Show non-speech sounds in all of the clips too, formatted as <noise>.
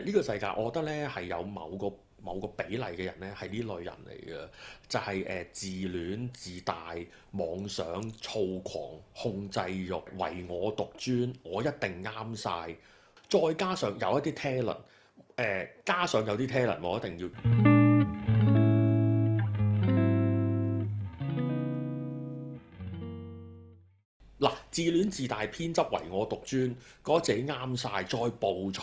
呢個世界，我覺得咧係有某個某個比例嘅人咧係呢類人嚟嘅，就係、是、誒、呃、自戀、自大、妄想、躁狂、控制欲、唯我獨尊，我一定啱晒。再加上有一啲 talent，誒加上有啲 talent，我一定要。自戀自大偏執唯我獨尊，覺得自己啱晒，再暴躁，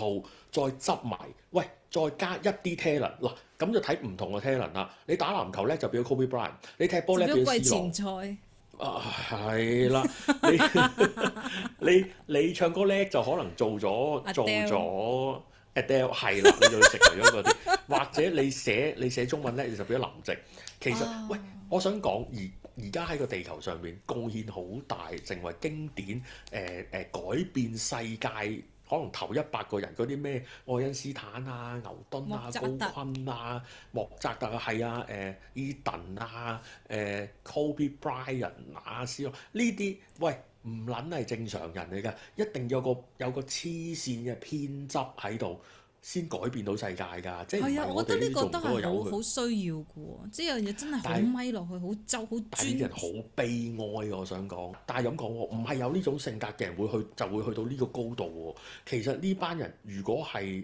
再執埋，喂，再加一啲 talent，嗱，咁就睇唔同嘅 talent 啦。你打籃球叻就變咗 Kobe Bryant，你踢波叻變咗 C 羅。係、啊、啦，你 <laughs> <laughs> 你你唱歌叻就可能做咗做咗 Adele，係啦，你就成為咗嗰啲。 <laughs> 或者你寫你寫中文叻，你就變咗林夕。其實，oh. 喂，我想講二。而家喺個地球上面貢獻好大，成為經典，誒、呃、誒、呃、改變世界，可能頭一百個人嗰啲咩愛因斯坦啊、牛頓啊、高坤啊、莫扎特啊，係、呃、啊，誒伊頓啊、誒 Kobe Bryant、馬斯洛呢啲，喂，唔撚係正常人嚟㗎，一定要有個有個黐線嘅偏執喺度。先改變到世界㗎，即係我啊，我覺得呢個都係有好需要嘅喎，即係有樣嘢真係好咪落去，好周，好專。但人好悲哀嘅，我想講。但係咁講喎，唔係有呢種性格嘅人會去，就會去到呢個高度喎。其實呢班人如果係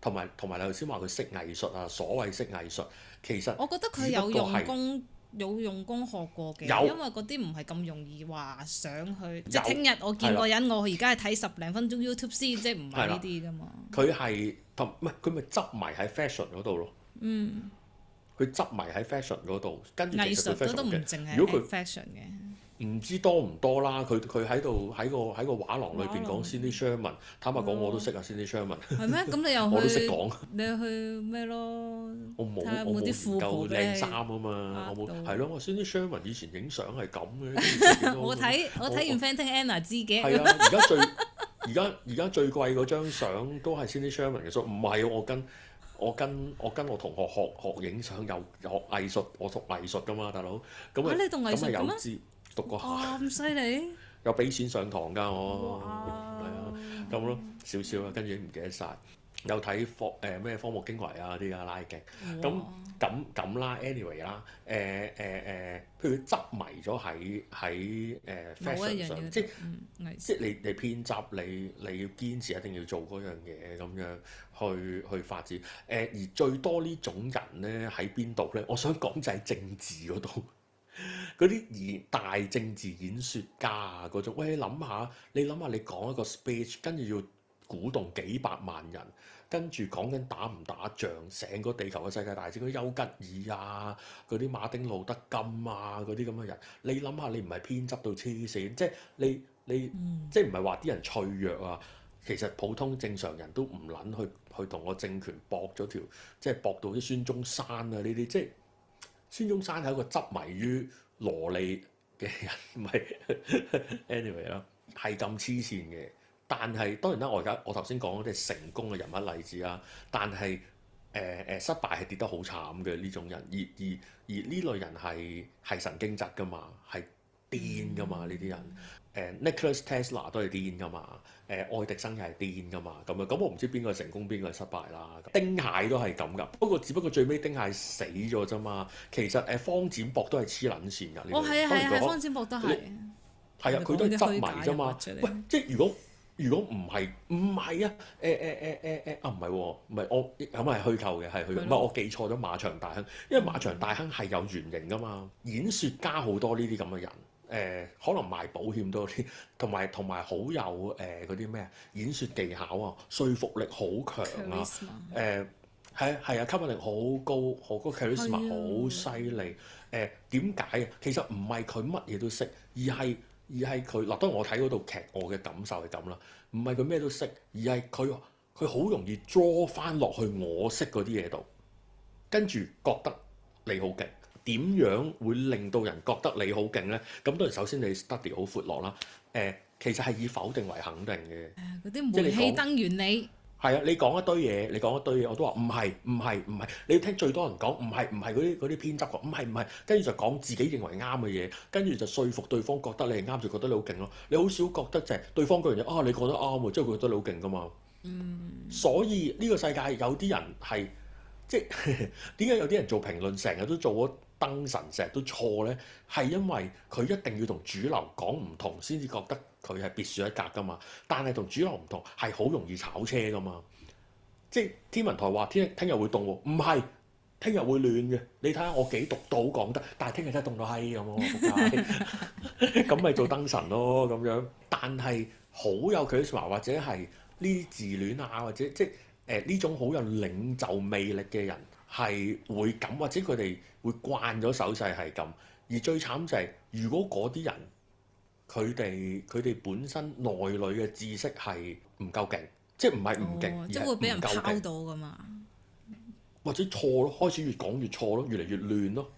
同埋同埋你頭先話佢識藝術啊，所謂識藝術，其實我覺得佢有用功有，有用功學過嘅，因為嗰啲唔係咁容易話上去。有即係聽日我見個人，了我而家係睇十零分鐘 YouTube 先，即係唔係呢啲㗎嘛？佢係同唔係佢咪執埋喺 fashion 嗰度咯？嗯，佢執埋喺 fashion 嗰度，跟住其實藝術都唔淨係如果佢 fashion 嘅。唔知多唔多啦，佢佢喺度喺個喺個畫廊裏邊講 Cindy Sherman 坦白講我都識啊，Cindy Sherman 係咩？咁你又我都識講，你去咩咯？我冇我冇啲富婆靚衫啊嘛，我冇係咯。我 Cindy Sherman 以前影相係咁嘅。我睇我睇完 Inventing Anna 知嘅。係啊，而家最而家而家最貴嗰張相都係 Cindy Sherman 嘅，所以唔係我跟我跟我跟我同學學學影相又學藝術，我讀藝術噶嘛，大佬。咁啊，你讀藝術咁犀利？哦、 <laughs> 有俾錢上堂㗎我，係啊咁咯，少少啊，跟住唔記得晒，有睇科誒咩科目經緯啊啲啊拉勁，咁咁咁啦 anyway 啦誒誒誒，譬如執迷咗喺喺誒 fashion 上，即係、嗯、即係你你偏執你你要堅持一定要做嗰樣嘢咁樣去去發展誒、呃，而最多呢種人咧喺邊度咧？我想講就係政治嗰度。 <laughs> <laughs> <laughs> 嗰啲演大政治演說家啊，嗰種喂，你諗下你諗下，你講一個 speech，跟住要鼓動幾百萬人，跟住講緊打唔打仗，成個地球嘅世界大戰，嗰啲丘吉爾啊，嗰啲馬丁路德金啊，嗰啲咁嘅人，你諗下，你唔係偏執到黐線，嗯、即係你你即係唔係話啲人脆弱啊？其實普通正常人都唔捻去去同個政權搏咗條，即係搏到啲孫中山啊呢啲，你即係。孫中山係一個執迷於羅莉嘅人，唔 <laughs> 係 anyway 啦，係咁黐線嘅。但係當然啦，我而家我頭先講嗰啲係成功嘅人物例子啦。但係誒誒，失敗係跌得好慘嘅呢種人，而而而呢類人係係神經質㗎嘛，係癲㗎嘛呢啲人。誒 n i c h o l a s、呃、Nicholas, Tesla 都係癲噶嘛？誒、呃，愛迪生又係癲噶嘛？咁樣咁樣，我唔知邊個成功，邊個係失敗啦。丁蟹都係咁噶，不過只不過最尾丁蟹死咗啫嘛。其實誒、呃，方展博都係黐撚線噶。哦，係啊，係啊，方展博都係。係啊，佢都係執迷啫嘛。喂，即係如果如果唔係唔係啊？誒誒誒誒誒啊，唔係喎，唔係、啊、我咁係虛構嘅，係虛構。唔係我記錯咗馬場大亨，因為馬場大亨係有原型噶嘛。演說家好多呢啲咁嘅人。誒、呃、可能賣保險多啲，同埋同埋好有誒嗰啲咩啊演說技巧啊，說服力好強啊！誒係係啊，吸引力好高，個 Charisma 好犀利。誒點解啊？其實唔係佢乜嘢都識，而係而係佢嗱。當我睇嗰套劇，我嘅感受係咁啦。唔係佢咩都識，而係佢佢好容易 draw 翻落去我識嗰啲嘢度，跟住覺得你好勁。點樣會令到人覺得你好勁呢？咁當然首先你 study 好闊落啦。誒、呃，其實係以否定為肯定嘅，些即係你氣燈原理。係啊，你講一堆嘢，你講一堆嘢，我都話唔係唔係唔係。你要聽最多人講唔係唔係嗰啲嗰啲偏執唔係唔係，跟住就講自己認為啱嘅嘢，跟住就說服對方覺得你係啱，就覺得你好勁咯。你好少覺得就係對方講完嘢啊，你講得啱喎，即係佢覺得你好勁噶嘛。嗯、所以呢、呢個世界有啲人係即係點解有啲人做評論成日都做咗。燈神成日都錯咧，係因為佢一定要同主流講唔同，先至覺得佢係別樹一格噶嘛。但係同主流唔同，係好容易炒車噶嘛。即係天文台話聽日，聽日會凍喎，唔係聽日會暖嘅。你睇下我幾獨到講得，但係聽日真係凍到閪咁，咁咪 <laughs> 做燈神咯咁樣。但係好有 charisma 或者係呢啲自戀啊，或者即係誒呢種好有領袖魅力嘅人。係會咁，或者佢哋會慣咗手勢係咁。而最慘就係，如果嗰啲人佢哋佢哋本身內裏嘅知識係唔夠勁，即係唔係唔勁而唔夠勁、哦、即會俾人抄到㗎嘛，或者錯咯，開始越講越錯咯，越嚟越亂咯。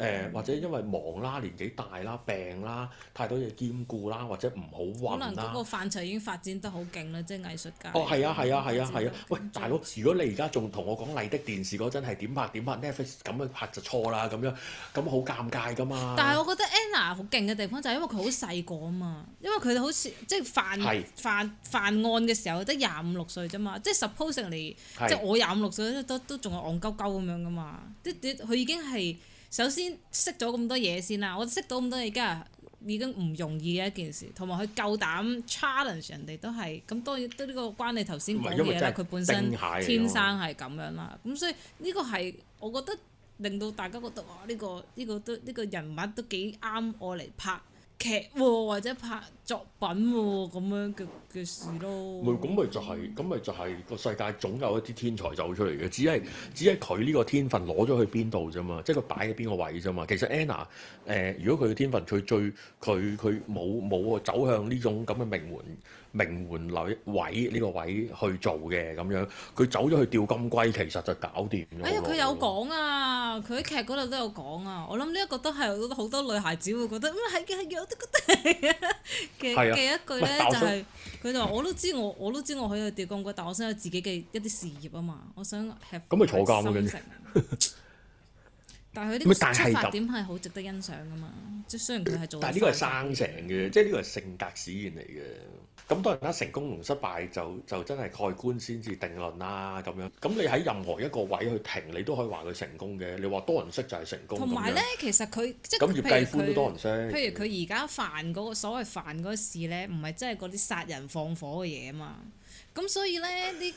誒或者因為忙啦、年紀大啦、病啦、太多嘢兼顧啦，或者唔好玩，可能嗰個範疇已經發展得好勁啦，即係藝術家。哦，係啊，係啊，係啊，係啊！喂，大佬，如果你而家仲同我講麗的電視嗰陣係點拍點拍 Netflix 咁樣拍就錯啦咁樣，咁好尷尬噶嘛！但係我覺得 Anna 好勁嘅地方就係因為佢好細個啊嘛，因為佢好似即係犯犯犯案嘅時候得廿五六歲啫嘛，即係 supposedly 即係我廿五六歲都都仲係戇鳩鳩咁樣噶嘛，即佢已經係。首先識咗咁多嘢先啦，我識到咁多嘢，而家已經唔容易嘅一件事，同埋佢夠膽 challenge 人哋都係，咁當然都呢個關你頭先講嘢啦，佢本身天生係咁樣啦，咁、嗯、所以呢個係我覺得令到大家覺得呢、哦呢個呢、呢個都呢、呢個人物都幾啱我嚟拍。劇、哦、或者拍作品咁、哦、樣嘅嘅事咯，唔係咁咪就係、是，咁咪就係個世界總有一啲天才走出嚟嘅，只係只係佢呢個天分攞咗去邊度啫嘛，即係佢擺喺邊個位啫嘛。其實 Anna 誒、呃，如果佢嘅天分，佢最佢佢冇冇啊走向呢種咁嘅名門，名媛女位呢、這個位去做嘅咁樣，佢走咗去釣金龜，其實就搞掂。哎呀，佢有講啊，佢喺劇嗰度都有講啊。我諗呢一個都係好多女孩子會覺得，嗯，係嘅係有得嘅嘅嘅一句咧、就是，就係佢就話我都知我我都知我可以去釣金龜，但我想有自己嘅一啲事業啊嘛，我想吃。咁咪坐監嘅啫。成 <laughs> 但佢啲出發點係好值得欣賞噶嘛？即係雖然佢係做，但係呢個係生成嘅，嗯、即係呢個係性格使然嚟嘅。咁當然啦，成功同失敗就就真係蓋棺先至定論啦、啊。咁樣咁你喺任何一個位去停，你都可以話佢成功嘅。你話多人識就係成功，同埋咧其實佢即係咁葉繼歡都多人識，譬如佢譬如佢而家犯嗰個所謂犯嗰個事咧，唔係真係嗰啲殺人放火嘅嘢嘛？咁所以咧啲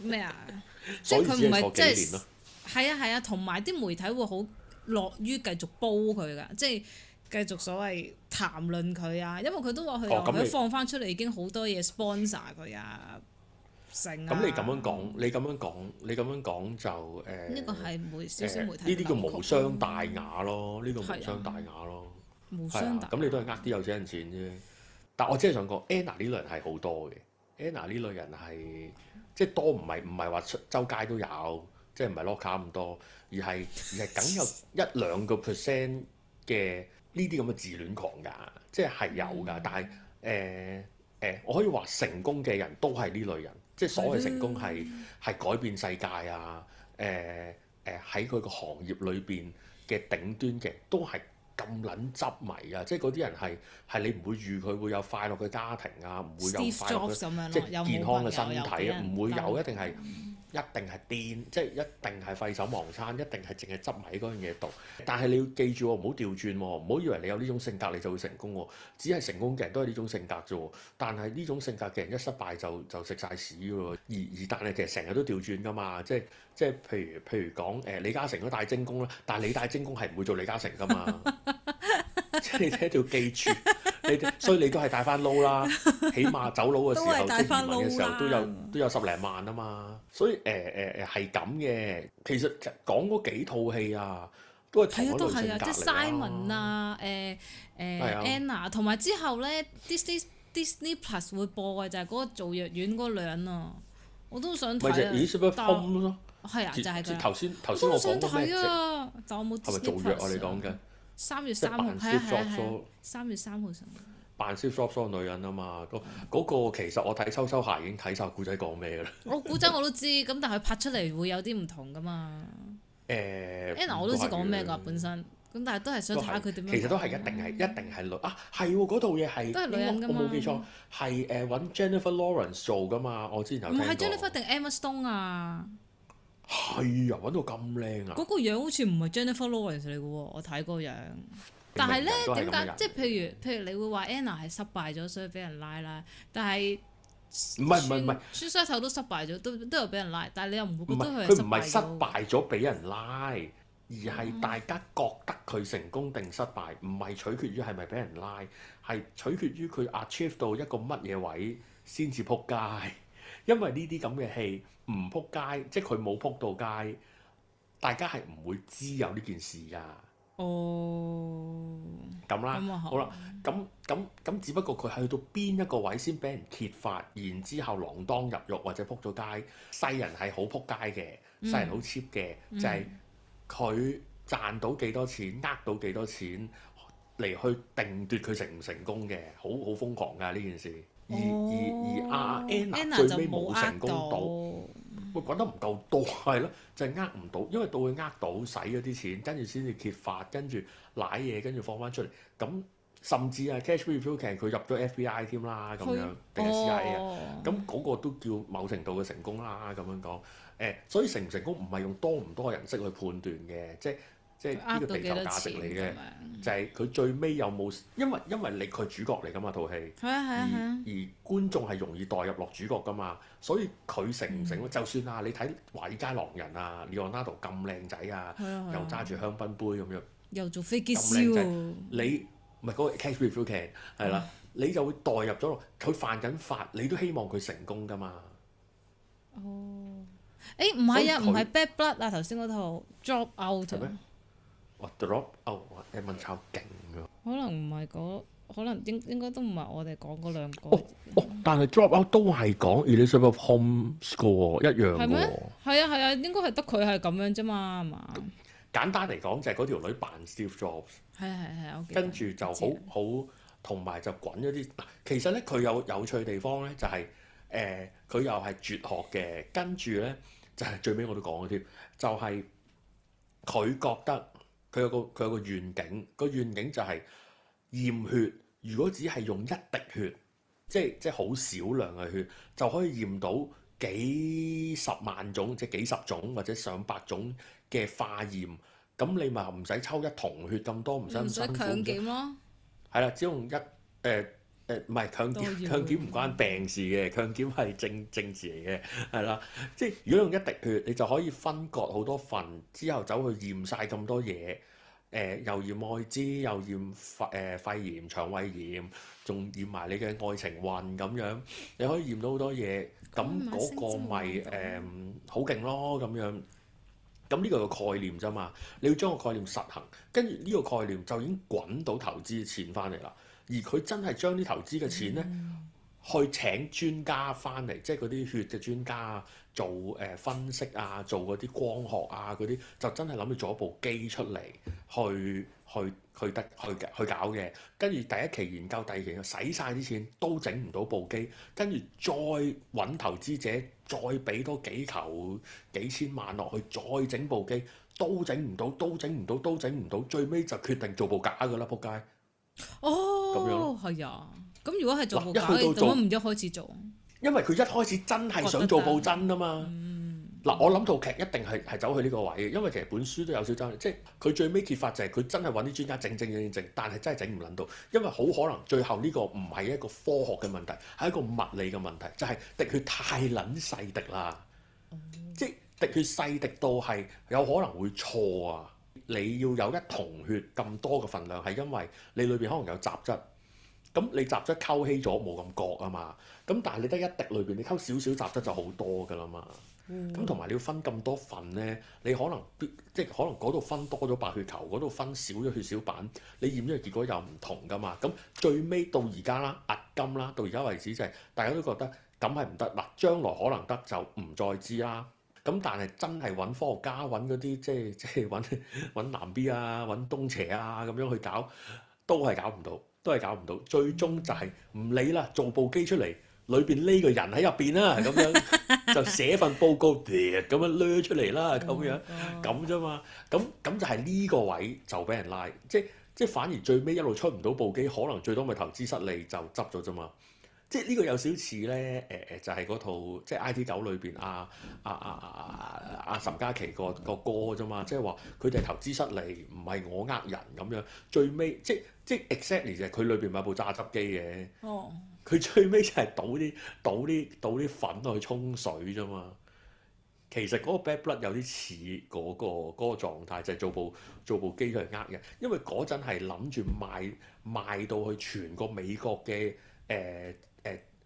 咩啊？ <laughs> 麼所以佢唔係即係。係啊，係啊，同埋啲媒體會好樂於繼續煲佢㗎，即係繼續所謂談論佢啊。因為佢都話佢，佢、哦、放翻出嚟已經好多嘢 sponsor 佢啊，成咁你咁樣講、嗯，你咁樣講，你咁樣講就誒呢、呃、個係少少媒體。呢啲、呃、叫無傷大雅咯，呢、呢個無傷大雅咯，啊、無傷大雅。咁、啊啊、你都係呃啲有錢人錢啫。但我真係想講，Anna 呢類人係好多嘅，Anna 呢類人係即係多，唔係唔係話出周街都有。即係唔係攞卡咁多，而係而係梗有一兩個 percent 嘅呢啲咁嘅自戀狂㗎，即係係有㗎。嗯、但係誒誒，我可以話成功嘅人都係呢類人，即係所謂成功係係、嗯、改變世界啊！誒、呃、誒，喺佢個行業裏邊嘅頂端嘅都係。咁撚執迷啊！即係嗰啲人係係你唔會預佢會有快樂嘅家庭啊，唔會有快樂嘅即、係、健康嘅身，身體啊，唔會有一定係、嗯、一定係癲，即係一定係廢手忘餐，一定係淨係執迷嗰樣嘢度。但係你要記住、喎，唔好調轉、喎，唔好以為你有呢種性格你就會成功、喎。只係成功嘅人都係呢種性格啫。但係呢種性格嘅人一失敗就就食晒屎嘅喎。而而但係其實成日都調轉㗎嘛，即係。即係譬如譬如講誒、呃、李嘉誠都帶精工啦，但係你帶精工係唔會做李嘉誠噶嘛。 <laughs> 即係你一定要記住你所以你都係帶翻撈啦。 <laughs> 起碼走佬嘅時候，即係移民嘅時候都有都有十零萬啊嘛。所以誒誒誒係咁嘅。其實講嗰幾套戲啊，都係同一類型隔離 Simon 啊，誒誒 Anna 同埋之後咧，Disney Disney Plus 會播嘅就係嗰個做藥丸嗰個女人啊。我都想睇啊，但係。係啊，就係頭先頭先我想睇啊，就我冇。係咪做藥啊？你講緊三月三號係係係三月三號上扮 show 三月三號上扮 show 女人啊嘛。嗰個其實我睇《羞羞鞋》已經睇晒。古仔講咩㗎啦。我古仔我都知咁，但係佢拍出嚟會有啲唔同噶嘛。誒，我都知講咩㗎本身咁，但係都係想睇下佢點樣。其實都係一定係一定係女啊，係嗰套嘢係都係女人㗎嘛。冇記錯係誒搵 Jennifer Lawrence 做㗎嘛。我之前唔係 Jennifer 定 Emma Stone 啊。係啊，揾到咁靚啊！嗰個樣好似唔係 Jennifer Lawrence 嚟嘅喎，我睇個樣。但係咧點解？即係譬如譬如，譬如你會話 Anna 係失敗咗，所以俾人拉拉。但係唔係唔係唔係，舒西頭都失敗咗，都都有俾人拉。但係你又唔會覺得佢唔係失敗咗俾人拉，而係大家覺得佢成功定失敗，唔係、嗯、取決於係咪俾人拉，係取決於佢 achieve 到一個乜嘢位先至撲街。因為呢啲咁嘅戲唔撲街，即係佢冇撲到街，大家係唔會知有呢件事㗎。哦、oh, 嗯，咁啦，嗯、好啦吧，咁咁咁，嗯嗯、只不過佢去到邊一個位先俾人揭發，然之後鋃鐺入獄或者撲咗街。世人係好撲街嘅，嗯、世人好 cheap 嘅，嗯、就係佢賺到幾多錢，呃到幾多錢嚟去定奪佢成唔成功嘅，好好瘋狂㗎呢件事。而、哦、而而阿 Anna 最尾冇成功到，喂，講得唔夠多，係咯，就係呃唔到，因為到佢呃到，使咗啲錢，跟住先至揭發，跟住舐嘢，跟住放翻出嚟，咁甚至啊，cash review case 佢入咗 FBI 添啦，咁樣定係 CIA 啊，咁嗰、哦嗰個都叫某程度嘅成功啦，咁樣講，誒，所以成唔成功唔係用多唔多人識去判斷嘅，即係。即係呢個地球價值嚟嘅，就係佢最尾有冇？因為因為你佢主角嚟㗎嘛，套戲。係啊係啊而觀眾係容易代入落主角㗎嘛，所以佢成唔成？就算啊，你睇《華爾街狼人》啊，Leonardo 咁靚仔啊，又揸住香檳杯咁樣，又做飛機師，咁靚你唔係嗰個 Catch Me If You Can 係啦，你就會代入咗。佢犯緊法，你都希望佢成功㗎嘛？哦，誒唔係啊，唔係 Bad Blood 啊，頭先嗰套 Drop Out。我、oh, drop out，e 文超勁㗎。可能唔係嗰，可能應應該都唔係我哋講嗰兩個。Oh, oh, 但係 drop out 都係講《Elizabeth Holmes》嘅喎，一樣嘅喎。係咩？啊係啊，啊，應該係得佢係咁樣啫嘛。簡單嚟講，就係、是、嗰條女扮 Steve Jobs。係係係，O K。啊、跟住就好好，同埋就滾咗啲。其實咧，佢有有趣地方咧、就是呃，就係誒，佢又係絕學嘅。跟住咧，就係最尾我都講咗添，就係佢覺得。佢有個佢有個願景，個願景就係、是、驗血，如果只係用一滴血，即係即係好少量嘅血，就可以驗到幾十萬種，即係幾十種或者上百種嘅化驗。咁你咪唔使抽一桶血咁多，唔使唔使強檢咯。係啦、啊，只用一誒。呃誒唔係強檢，養強檢唔關病事嘅，養強檢係政政治嚟嘅，係啦。即係如果用一滴血，你就可以分割好多份，之後走去驗晒咁多嘢。誒、呃、又驗愛滋，又驗肺誒、呃、肺炎、腸胃炎，仲驗埋你嘅愛情運咁樣，你可以驗到好多嘢。咁嗰 <laughs> 完才、嗰個咪誒好勁咯，咁樣。咁呢個個概念啫嘛，你要將個概念實行，跟住呢個概念就已經滾到投資錢翻嚟啦。而佢真係將啲投資嘅錢咧，嗯、去請專家翻嚟，即係嗰啲血嘅專家做誒、呃、分析啊，做嗰啲光學啊嗰啲，就真係諗住做一部機出嚟，去去去得去去搞嘢。跟住第一期研究，第二期又使晒啲錢都整唔到部機，跟住再揾投資者再俾多幾球幾千萬落去，再整部機都整唔到，都整唔到，都整唔到，最尾就決定做部假㗎啦！仆街。哦，咁樣係啊，咁如果係做冇假做，唔一開始做，因為佢一開始真係想做報真啊嘛。嗱、嗯，嗯、我諗套劇一定係係走去呢個位嘅，因為其實本書都有少少爭議，即係佢最尾揭發就係佢真係揾啲專家整整整整，但係真係整唔捻到，因為好可能最後呢個唔係一個科學嘅問題，係一個物理嘅問題，就係、是、滴血太捻細滴啦，嗯、即係滴血細滴到係有可能會錯啊。你要有一同血咁多嘅份量，係因為你裏邊可能有雜質，咁你雜質溝稀咗冇咁角啊嘛。咁但係你得一滴裏邊，你溝少少雜質就好多㗎啦嘛。咁同埋你要分咁多份咧，你可能即係可能嗰度分多咗白血球，嗰度分少咗血小板，你驗咗嘅結果又唔同㗎嘛。咁最尾到而家啦，押金啦，到而家為止就係大家都覺得咁係唔得，嗱，將來可能得就唔再知啦。咁但係真係揾科學家揾嗰啲即係即係揾揾南 B 啊，揾東邪啊，咁樣去搞都係搞唔到，都係搞唔到。最終就係唔理啦，做部機出嚟，裏邊呢個人喺入邊啦，咁樣就寫份報告，跌咁 <laughs> 樣掠出嚟啦，咁樣咁啫嘛。咁咁就係呢個位就俾人拉，即係即係反而最尾一路出唔到部機，可能最多咪投資失利就執咗啫嘛。即係呢個有少似咧，誒、呃、誒就係、是、嗰套即係 I T 九裏邊阿阿阿阿阿岑嘉琪個個歌啫嘛，即係話佢哋投資失利，唔係我呃人咁樣。最尾即即 exactly 裏、哦、就係佢裏邊買部榨汁機嘅，佢最尾就係倒啲倒啲倒啲粉落去沖水啫嘛。其實嗰個 bad blood 有啲似嗰個嗰、那個狀態，就係、是、做部做部機嚟呃人，因為嗰陣係諗住賣賣到去全個美國嘅誒。呃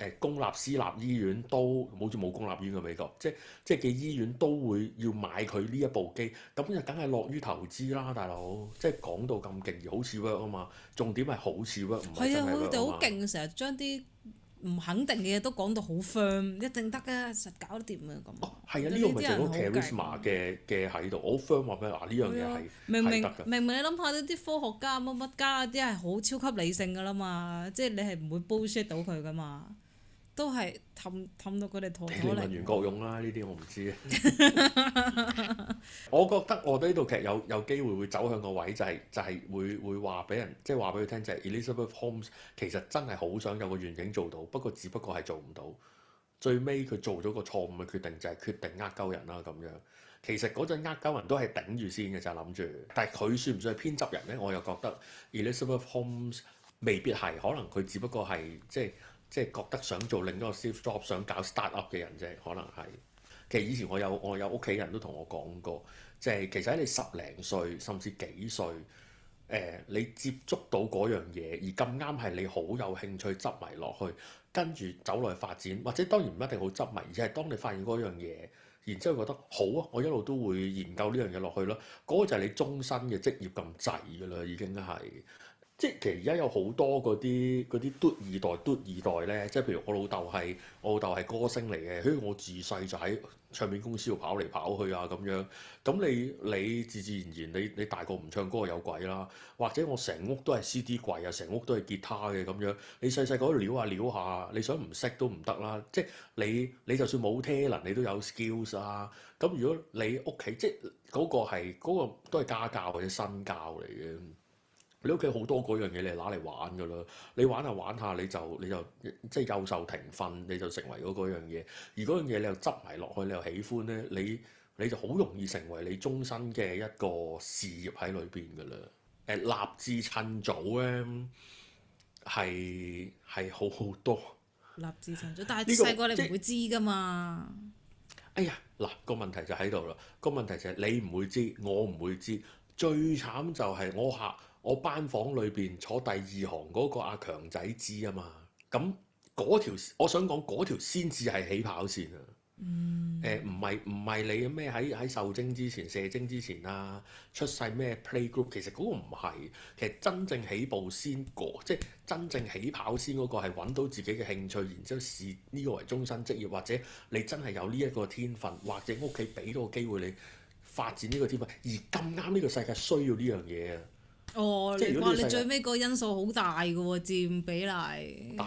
誒公立、私立醫院都冇，好似冇公立醫院嘅美國，即係即係嘅醫院都會要買佢呢一部機，咁就梗係樂於投資啦，大佬。即係講到咁勁，而好似 work 啊嘛，重點係好似 work 唔係真係 work 啊嘛。係啊，佢哋好勁，成日將啲唔肯定嘅嘢都講到好 firm，一定得嘅，實搞得掂啊，咁。係啊，呢個咪就好 charisma 嘅嘅喺度。好 firm 話咩啊？呢樣嘢係明白明明明？你諗下啲科學家乜乜家啲係好超級理性㗎啦嘛，即係你係唔會 bullshit 到佢㗎嘛。都係氹氹到佢哋逃咗嚟。你問袁國勇啦，呢啲我唔知。我覺得我覺得呢套劇有有機會會走向個位、就係，就係就係會會話俾人，即係話俾佢聽，就係、係《Elizabeth Holmes》其實真係好想有個願景做到，不過只不過係做唔到。最尾佢做咗個錯誤嘅決定，就係、係、決定呃鳩人啦咁樣。其實嗰陣呃鳩人都係頂住先嘅，就係諗住。但係佢算唔算係偏執人咧？我又覺得《Elizabeth Holmes》未必係，可能佢只不過係即係。就係即係覺得想做另一個 safe job，想搞 startup 嘅人啫，可能係。其實以前我有我有屋企人都同我講過，即係其實喺你十零歲甚至幾歲，誒、呃、你接觸到嗰樣嘢，而咁啱係你好有興趣執迷落去，跟住走落去發展，或者當然唔一定好執迷，而係當你發現嗰樣嘢，然之後覺得好啊，我一路都會研究呢樣嘢落去咯。嗰、那個就係你終身嘅職業咁滯㗎啦，已經係。即係其實而家有好多嗰啲嗰啲嘟二代嘟二代咧，即係譬如我老豆係我老豆係歌星嚟嘅，所以我自細就喺唱片公司度跑嚟跑去啊咁樣。咁你你自自然然你你大個唔唱歌有鬼啦，或者我成屋都係 CD 櫃啊，成屋都係吉他嘅咁樣。你細細個度撩下撩下，你想唔識都唔得啦。即係你你就算冇 talent，你都有 skills 啊。咁如果你屋企即係嗰個係嗰個都係家教或者身教嚟嘅。你屋企好多嗰樣嘢，你係攞嚟玩噶啦。你玩下玩下，你就你就，你就即係幼受庭訓，你就成為咗嗰樣嘢。而嗰樣嘢你又執埋落去，你又喜歡咧，你你就好容易成為你終身嘅一個事業喺裏邊噶啦。誒、呃，立志趁早咧，係係好好多。立志趁早，但係細、這個你唔會知噶嘛、就是。哎呀，嗱、那個問題就喺度啦。那個問題就係、是、你唔會知，我唔會知。最慘就係我客。我班房裏邊坐第二行嗰個阿、啊、強仔知啊嘛，咁嗰條我想講嗰條先至係起跑線啊。誒、嗯，唔係唔係你咩喺喺受精之前、射精之前啦、啊，出世咩 play group 其實嗰個唔係，其實真正起步先過、嗰個，即係真正起跑先嗰個係揾到自己嘅興趣，然之後視呢個為終身職業，或者你真係有呢一個天分，或者屋企俾到個機會你發展呢個天分，而咁啱呢個世界需要呢樣嘢啊。哦，你最尾個因素好大嘅喎，佔比例。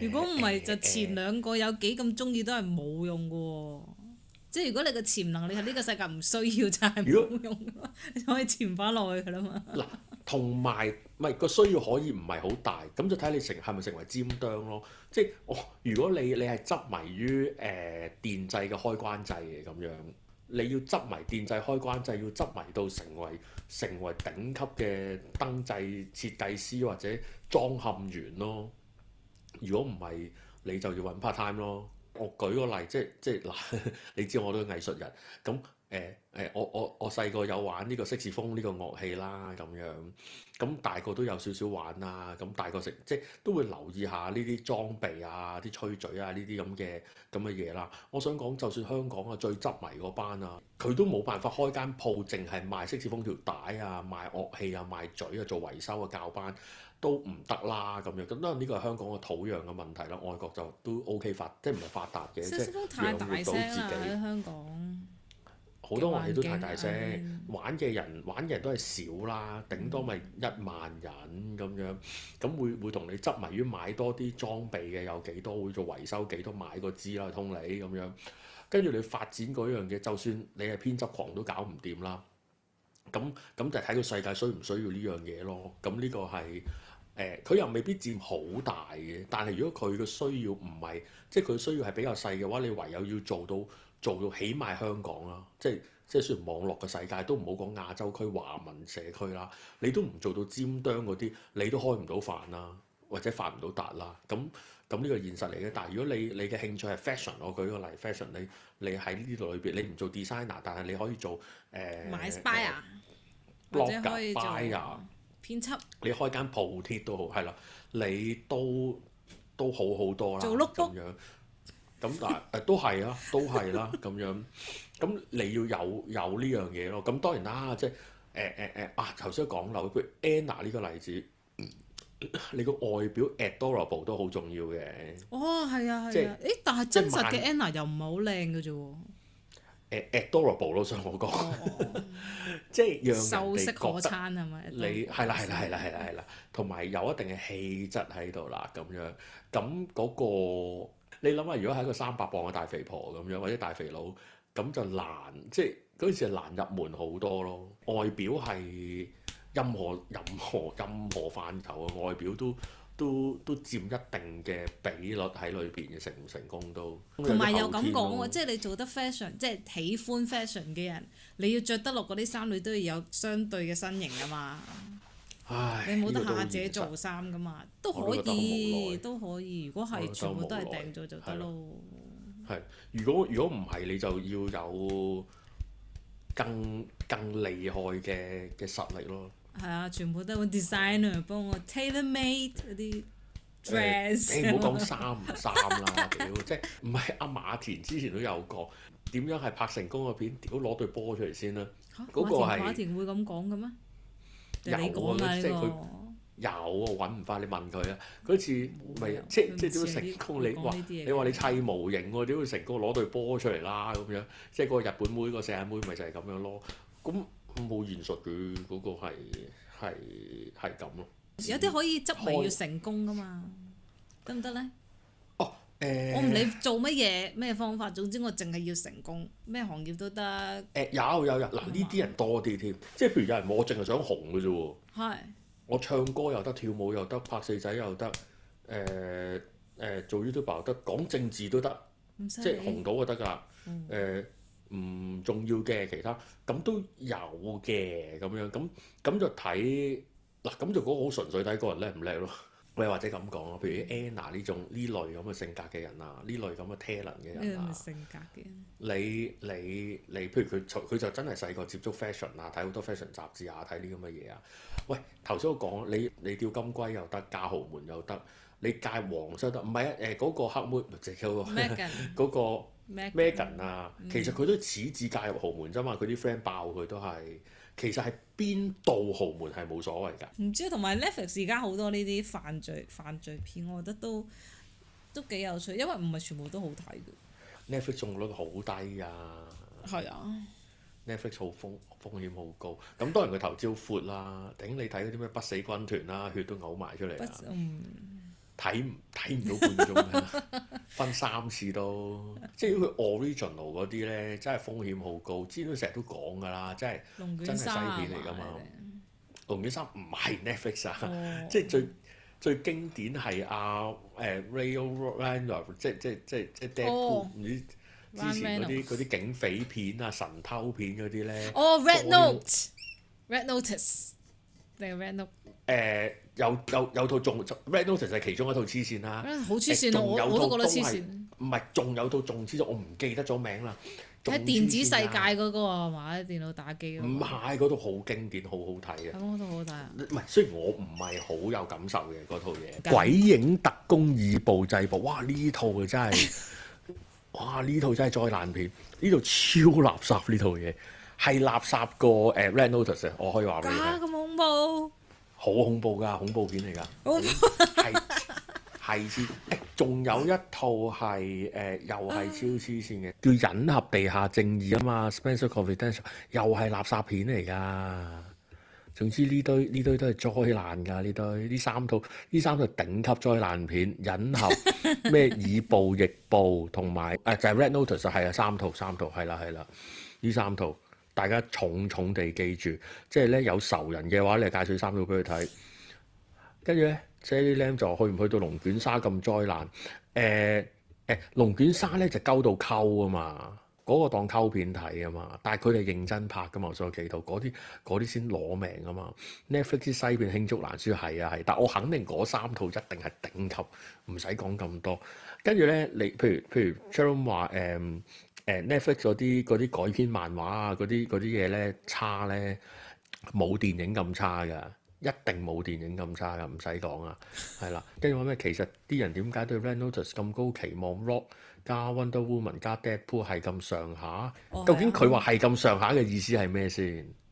如果唔係、欸、就前兩個有幾咁中意都係冇用嘅喎，欸欸、即係如果你個潛能你係呢個世界唔需要、啊、就係冇用，果 <laughs> 你就可以潛翻落去嘅啦嘛。嗱，同埋唔係個需要可以唔係好大，咁就睇你成係咪成為尖端咯。即係我、哦、如果你你係執迷於誒、呃、電掣嘅開關掣嘅咁樣。你要執迷電掣開關，就係、是、要執迷到成為成為頂級嘅燈掣設計師或者裝嵌員咯。如果唔係，你就要揾 part time 咯。我舉個例，即即嗱， <laughs> 你知我都係藝術人咁。誒誒、欸欸，我我我細個有玩呢、呢個色士風呢個樂器啦，咁樣咁大個都有少少玩啊，咁大個成即係都會留意下呢啲裝備啊、啲吹嘴啊呢啲咁嘅咁嘅嘢啦。我想講，就算香港啊最執迷嗰班啊，佢都冇辦法開間鋪，淨係賣色士風條帶啊、賣樂器啊、賣嘴啊做維修啊教班都唔得啦咁樣。咁當然呢個係香港嘅土壤嘅問題啦。外國就都 OK 發，即係唔係發達嘅，即係養活到自己、啊好多樂器都太大聲，玩嘅人玩嘅人都係少啦，頂多咪一萬人咁樣，咁會會同你執迷於買多啲裝備嘅，有幾多會做維修，幾多買個支啦，通你咁樣，跟住你發展嗰樣嘢，就算你係偏執狂都搞唔掂啦。咁咁就睇個世界需唔需要呢樣嘢咯。咁呢個係誒，佢、呃、又未必佔好大嘅，但係如果佢嘅需要唔係，即係佢需要係比較細嘅話，你唯有要做到。做到起碼香港啦，即係即係雖然網絡嘅世界都唔好講亞洲區華文社區啦，你都唔做到尖端嗰啲，你都開唔到飯啦，或者發唔到達啦。咁咁呢個現實嚟嘅。但係如果你你嘅興趣係 fashion，我舉個例 fashion，你你喺呢度裏邊你唔做 designer，但係你可以做誒 buyer 啊，呃呃、或者可以做編輯。你開間鋪頭都好，係啦，你都都好好多啦，做 lookbook，咁樣。咁但係誒都係啊，都係啦咁樣。咁、嗯、你要有有呢樣嘢咯。咁當然啦，即係誒誒誒，啊頭先講譬如 Anna 呢個例子，呃、你個外表 adorable 都好重要嘅。哦，係啊，係啊。誒即，但係真實嘅 Anna 慢又唔係好靚嘅啫喎。adorable 咯，所以我講，oh. <laughs> 即係讓你覺得你秀色可餐，係咪？係啦，係啦，係啦，係啦， <laughs> 係啦，同埋 <laughs> 有，有一定嘅氣質喺度啦，咁樣咁嗰、嗰個你諗下，如果係一個三百磅嘅大肥婆咁樣或者大肥佬，咁就難，即係嗰陣時係難入門好多咯。外表係任何任何任何，任何範疇嘅外表都。都都佔一定嘅比率喺裏邊嘅，成唔成功都。同埋又咁講喎，即係你做得 fashion，即係喜歡 fashion 嘅人，你要着得落嗰啲衫，你都要有相對嘅身形啊嘛。唉，你冇得下自己做衫㗎嘛，這個，都，都可以都，都可以。如果係全部都係訂做就得咯。係，如果如果唔係，你就要有更更厲害嘅嘅實力咯。係啊，全部都係個 designer 幫我 tailor made 嗰啲 dress。你唔好講衫唔衫啦，屌！即係唔係阿馬田之前都有講點樣係拍成功嘅片？屌，攞對波出嚟先啦！嗰個係馬田會咁講嘅咩？有啊，即係佢有啊，揾唔翻你問佢啊！嗰次咪即即點樣成功？你話！你話你砌模型點會成功？攞對波出嚟啦咁樣，即係個日本妹個細阿妹咪就係咁樣咯。咁冇現實，佢、那、嗰個係係係咁咯。嗯、有啲可以執迷要成功㗎嘛？得唔得咧？行行呢哦，誒、呃，我唔理做乜嘢咩方法，總之我淨係要成功，咩行業都得。誒、呃，有有有，嗱呢啲人多啲添，即係譬如有人我淨係想紅嘅啫喎。是我唱歌又得，跳舞又得，拍四仔又得，誒、呃、誒、呃、做 YouTube 又得，講政治都得，即係紅到就得㗎。誒。嗯嗯唔重要嘅，其他咁都有嘅，咁樣咁咁就睇嗱，咁就嗰個好純粹睇個人叻唔叻咯。喂， <laughs> 或者咁講咯，譬如 Anna 呢種呢類咁嘅性格嘅人啊，呢類咁嘅 talent 嘅人啊，性格嘅人。你你你，譬如佢佢就真係細個接觸 fashion 啊，睇好多 fashion 雜誌啊，睇呢咁嘅嘢啊。喂，頭先我講你你釣金龜又得，嫁豪門又得，你嫁皇室都得，唔係啊？誒、那、嗰個黑妹根，唔係就嗰個，嗰個。Megan 啊，其實佢都始終介入豪門啫嘛，佢啲 friend 爆佢都係，其實係邊度豪門係冇所謂㗎。唔知同埋 Netflix 而家好多呢啲犯罪犯罪片，我覺得都都幾有趣，因為唔係全部都好睇㗎。Netflix 中率好低啊，係啊，Netflix 好風風險好高，咁當然佢頭條闊啦、啊，頂你睇嗰啲咩不死軍團啦、啊，血都嘔埋出嚟啊。睇唔睇唔到半個鐘， <laughs> 分三次都，即係佢 original 嗰啲咧，真係風險好高。之前都成日都講噶啦，真係捲真係西片嚟㗎嘛。龍卷三唔係 Netflix 啊，Net 啊哦、即係最最經典係啊，誒、欸、Ryan Reynolds，即係即係即係即係 Deadpool、哦。唔知之前嗰啲啲警匪片啊、神偷片嗰啲咧，哦 Red Note 很、Red Notice 定 Red Note 誒、呃。有有有套仲《Red Notice》就係其中一套黐線啦，好黐線咯，我都覺得黐線、啊。唔係，仲有套仲黐咗，我唔記得咗名啦。喺、啊、電子世界嗰個係嘛？電腦打機嗰唔係，嗰套好經典，好好睇嘅。嗰套好睇啊！唔係，雖然我唔係好有感受嘅嗰套嘢，是《鬼影特工以暴制暴》哇！呢套嘅真係， <laughs> 哇！呢套真係災難片，呢套超垃圾呢套嘢，係垃圾個誒、呃《Red Notice》我可以話畀你，假咁恐怖。好恐怖㗎！恐怖片嚟㗎，係係超，仲有一套係誒、呃，又係超黐線嘅， <laughs> 叫隱合地下正義啊嘛 Spencer Confidential，又係垃圾片嚟㗎。總之呢堆呢堆都係災難㗎，呢堆呢三套呢三套係頂級災難片，隱合咩以暴易暴，同埋誒就係 Red Notice，係啊，三套三套係啦係啦，呢三套。大家重重地記住，即係咧有仇人嘅話，你帶住三套俾佢睇。跟住咧即 e l a m 就去唔去到龍捲沙咁災難？誒、欸、誒、嗯，龍捲沙咧就溝到溝啊嘛，嗰、那個當溝片睇啊嘛。但係佢哋認真拍㗎嘛，我有記到嗰啲嗰啲先攞命啊嘛。Netflix 西片罄竹難書係啊係，但我肯定嗰三套一定係頂級，唔使講咁多。跟住咧，你譬如譬如 c h u 誒、uh, Netflix 嗰啲啲改編漫畫啊，嗰啲啲嘢咧差咧，冇電影咁差噶，一定冇電影咁差噶，唔使講啊，係啦。跟住話咩？其實啲人點解對《Red Notice》咁高期望，《Rock》加《Wonder Woman》加《Deadpool》係咁上下？哦、究竟佢話係咁上下嘅意思係咩先？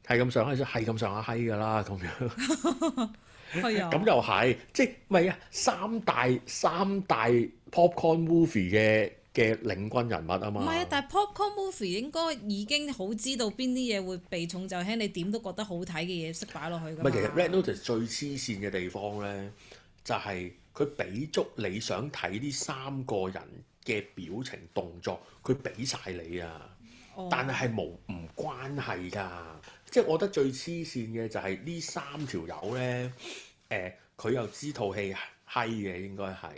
係咁、哦啊、上下先？係、就、咁、係、上下閪㗎啦，咁樣係啊，咁又係，即係咪啊？三大三大 Popcorn Movie 嘅。嘅領軍人物啊嘛，唔係啊，但係 popcorn movie 應該已經好知道邊啲嘢會避重就輕，你點都覺得好睇嘅嘢，識擺落去㗎。其實 Red Notice 最黐線嘅地方咧，就係佢俾足你想睇呢三個人嘅表情動作，佢俾晒你啊，oh. 但係係無唔關係㗎。即係我覺得最黐線嘅就係呢三條友咧，誒、呃、佢又知套戲係嘅，應該係。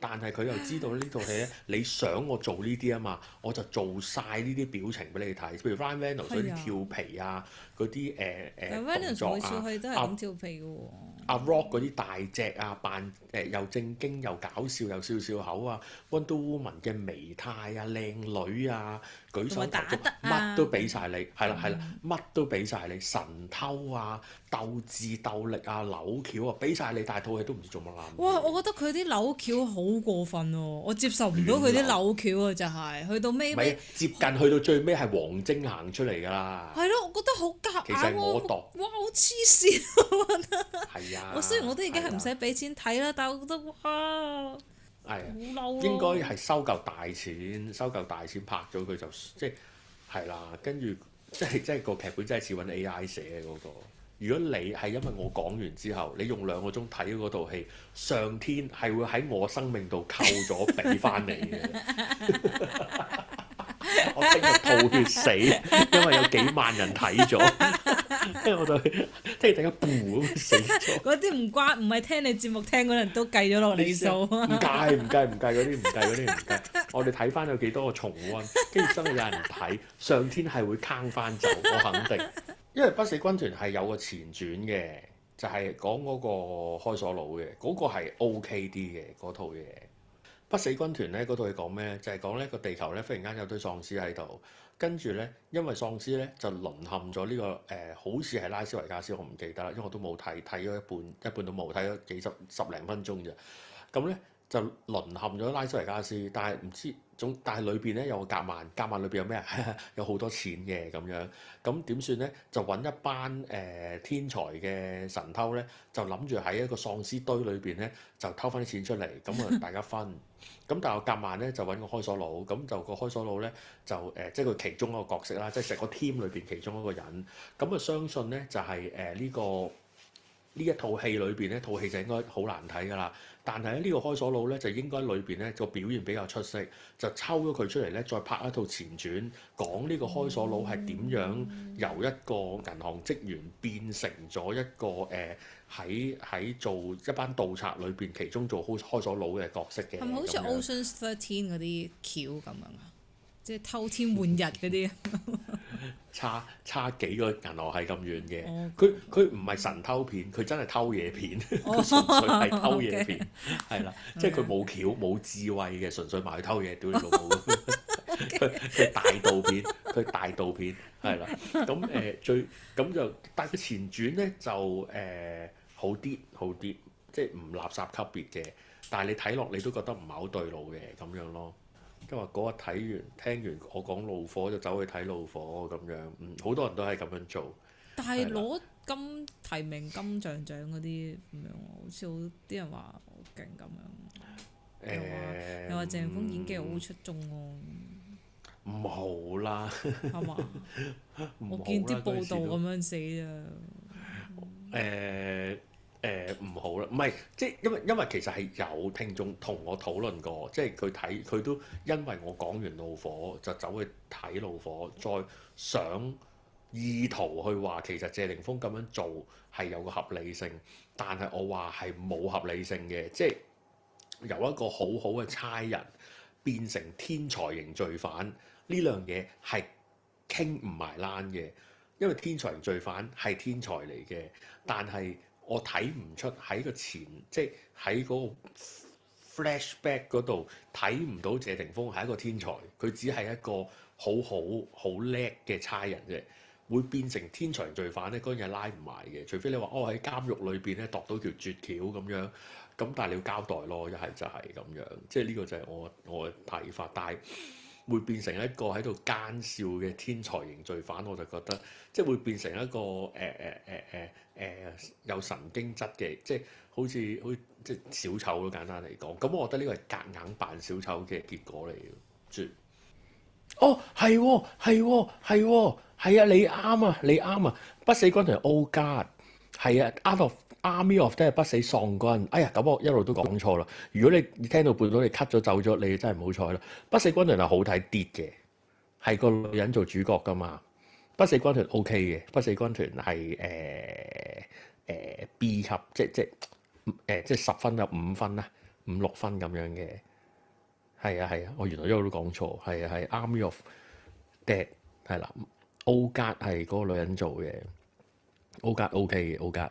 但係佢又知道呢套戲咧， <laughs> 你想我做呢啲啊嘛，我就做晒呢啲表情俾你睇，譬如 Ryan Reynolds 嗰啲跳皮啊，嗰啲誒誒動作啊，Ryan Reynolds 每次去都係咁跳皮嘅喎、啊。啊。阿 Rock 嗰啲大隻啊，扮誒又正經又搞笑又笑笑口啊，Wonder Woman 嘅微態啊，靚女啊，舉手投足乜都俾晒你，係啦係啦，乜都俾晒你，神偷啊，鬥智鬥力啊，扭橋啊，俾晒你，大套戲都唔知做乜啦～哇！我覺得佢啲扭橋好過分喎，我接受唔到佢啲扭橋啊，就係去到尾接近去到最尾係王晶行出嚟㗎啦～係咯，我覺得好夾硬喎！哇，好黐線啊！係啊～我雖然我都已經係唔使俾錢睇啦，啊、但係我覺得哇，係、哎呀啊、應該係收夠大錢，收夠大錢拍咗佢就即係係啦，跟住、啊、即係即係個劇本真係似揾 AI 寫嗰、嗰個。如果你係因為我講完之後，你用兩個鐘睇嗰套戲，上天係會喺我生命度扣咗俾翻你嘅， <laughs> <laughs> <laughs> 我聽日吐血死，因為有幾萬人睇咗。 <laughs> 聽我就聽突然間噉死咗，嗰啲唔關唔係聽你節目聽嗰人都計咗落你數啊！唔計唔計唔計嗰啲唔計嗰啲唔計。 <laughs> 我哋睇翻有幾多個重溫，跟住真係有人睇，上天係會坑翻走，我肯定。 <laughs> 因為不死軍團係有個前傳嘅，就係、是、講嗰個開鎖佬嘅嗰個係 OK 啲嘅嗰套嘢。不死軍團咧嗰套係講咩咧？就係講咧個地球咧，忽然間有堆喪屍喺度。跟住咧，因為喪屍咧就淪陷咗呢、呢個誒、呃，好似係拉斯維加斯，我唔記得啦，因為我都冇睇，睇咗一半，一半都冇，睇咗幾十十零分鐘啫。咁咧就淪陷咗拉斯維加斯，但係唔知。總但係裏邊咧有個夾萬，夾萬裏邊有咩啊？ <laughs> 有好多錢嘅咁樣，咁點算咧？就揾一班誒、呃、天才嘅神偷咧，就諗住喺一個喪屍堆裏邊咧，就偷翻啲錢出嚟，咁啊大家分。咁 <laughs> 但係夾萬咧就揾個開鎖佬，咁就個開鎖佬咧就誒、呃，即係佢其中一個角色啦，即係成個 team 裏邊其中一個人。咁啊，相信咧就係誒呢個呢一套戲裏邊咧，套戲就應該好難睇噶啦。但係咧，呢個開鎖佬咧就應該裏邊咧個表現比較出色，就抽咗佢出嚟咧，再拍一套前傳，講呢個開鎖佬係點樣由一個銀行職員變成咗一個誒喺喺做一班盜賊裏邊，其中做好開鎖佬嘅角色嘅。係咪好似 Ocean Thirteen 嗰啲橋咁樣啊？即係偷天換日嗰啲， <laughs> 差差幾個銀河系咁遠嘅。佢佢唔係神偷片，佢真係偷嘢片，佢 <laughs> 純粹係偷嘢片，係啦、哦。即係佢冇橋冇智慧嘅，純粹埋去偷嘢，屌你老母！佢 <laughs> 係大盜片，佢 <laughs> 大盜片，係啦。咁誒、 <laughs> 呃、最咁就但係前傳咧就誒好啲好啲，即係唔垃圾級別嘅。但係、呃就是、你睇落你都覺得唔係好對路嘅咁樣咯。今日嗰日睇完聽完我講怒火就走去睇怒火咁樣，好、嗯、多人都係咁樣做。但係攞金，了金提名金像獎嗰啲咁樣，好似好啲人話好勁咁樣。又話又話謝霆鋒演技好出眾哦、啊。唔好啦，係 <laughs> 嘛嗎？我見啲報道咁樣死啊。誒、嗯。欸誒唔、呃、好啦，唔係，即係因為因為其實係有聽眾同我討論過，即係佢睇佢都因為我講完怒火就走去睇怒火，再想意圖去話其實謝霆鋒咁樣做係有個合理性，但係我話係冇合理性嘅，即係由一個好好嘅差人變成天才型罪犯呢樣嘢係傾唔埋欄嘅，因為天才型罪犯係天才嚟嘅，但係。我睇唔出喺個前，即係喺嗰個 flashback 嗰度睇唔到謝霆鋒係一個天才，佢只係一個好好好叻嘅差人啫。會變成天才罪犯咧，嗰樣嘢拉唔埋嘅，除非你話哦，喺監獄裏邊咧度到條絕橋咁樣，咁但係你要交代咯，一係就係咁樣，即係呢個就係我我嘅睇法，但係。會變成一個喺度奸笑嘅天才型罪犯，我就覺得即係會變成一個誒誒誒誒誒有神經質嘅，即係好似好似即係小丑咯，簡單嚟講。咁我覺得呢個係夾硬扮小丑嘅結果嚟嘅。住哦，係喎、啊，係喎、啊，係喎、啊，係啊，啊！你啱啊，你啱啊！不死軍隊 All God 係啊，Out of Army of 真係不死喪軍。哎呀，咁我一路都講錯啦。如果你聽到半到你咳咗走咗，你真係唔好彩啦。不死軍團係好睇跌嘅，係個女人做主角噶嘛。不死軍團 O K 嘅，不死軍團係誒誒 B 級，即即誒、呃、即十分啊，五分啦，五六分咁樣嘅。係啊係啊，我原來一路都講錯係係、啊啊、Army of the Dead 係啦。奧格係嗰個女人做嘅，奧格 O K 嘅，奧格。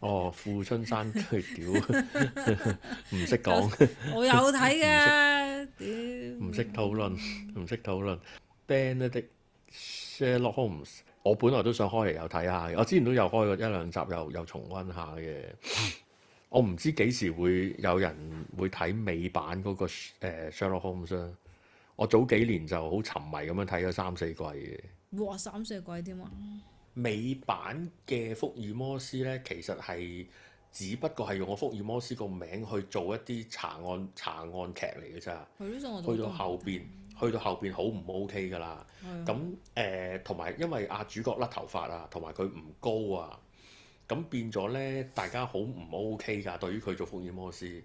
哦，富春山居屌，唔識講。我有睇嘅，屌。 <laughs> 唔識討論，唔識討論。Ben 的 Sherlock Holmes，我本來都想開嚟又睇下，我之前都有開過一兩集又，又又重温下嘅。我唔知幾時會有人會睇美版嗰個 Sher,、呃、Sherlock Holmes，我早幾年就好沉迷咁樣睇咗三四季嘅。哇！三四季添啊！美版嘅福爾摩斯咧，其實係只不過係用我福爾摩斯個名去做一啲查案查案劇嚟嘅咋。去到後邊，OK，去到後邊好唔 OK 㗎啦。咁誒，同、呃、埋因為阿主角甩頭髮啊，同埋佢唔高啊，咁變咗咧，大家好唔 OK 㗎，對於佢做福爾摩斯。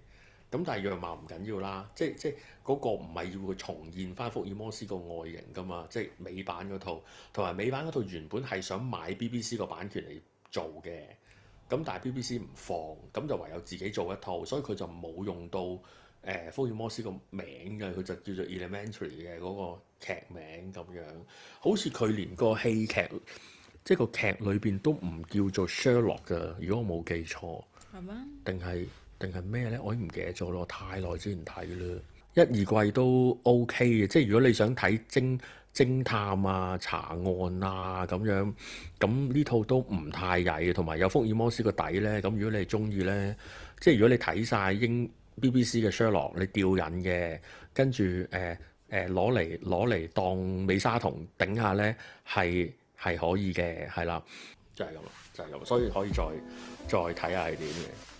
咁但係樣貌唔緊要啦，即係即係嗰個唔係要佢重現翻福爾摩斯個外形㗎嘛，即係美版嗰套，同埋美版嗰套原本係想買 BBC 個版權嚟做嘅，咁但係 BBC 唔放，咁就唯有自己做一套，所以佢就冇用到誒、呃、福爾摩斯個名㗎，佢就叫做 Elementary 嘅嗰個劇名咁樣，好似佢連個戲劇即係個劇裏邊都唔叫做 Sherlock 㗎，如果我冇記錯，係咩嗎？定係？定係咩呢？我已唔記得咗咯，太耐之前睇啦。一二季都 O K 嘅，即係如果你想睇偵偵探啊、查案啊咁樣，咁呢套都唔太曳，同埋有福爾摩斯個底呢，咁如果你係中意呢，即係如果你睇晒英 B B C 嘅 Sherlock 咯，你吊癮嘅，跟住誒誒攞嚟攞嚟當美沙酮頂下呢，係係可以嘅，係啦，就係咁，就係咁，所以可以再再睇下係點嘅。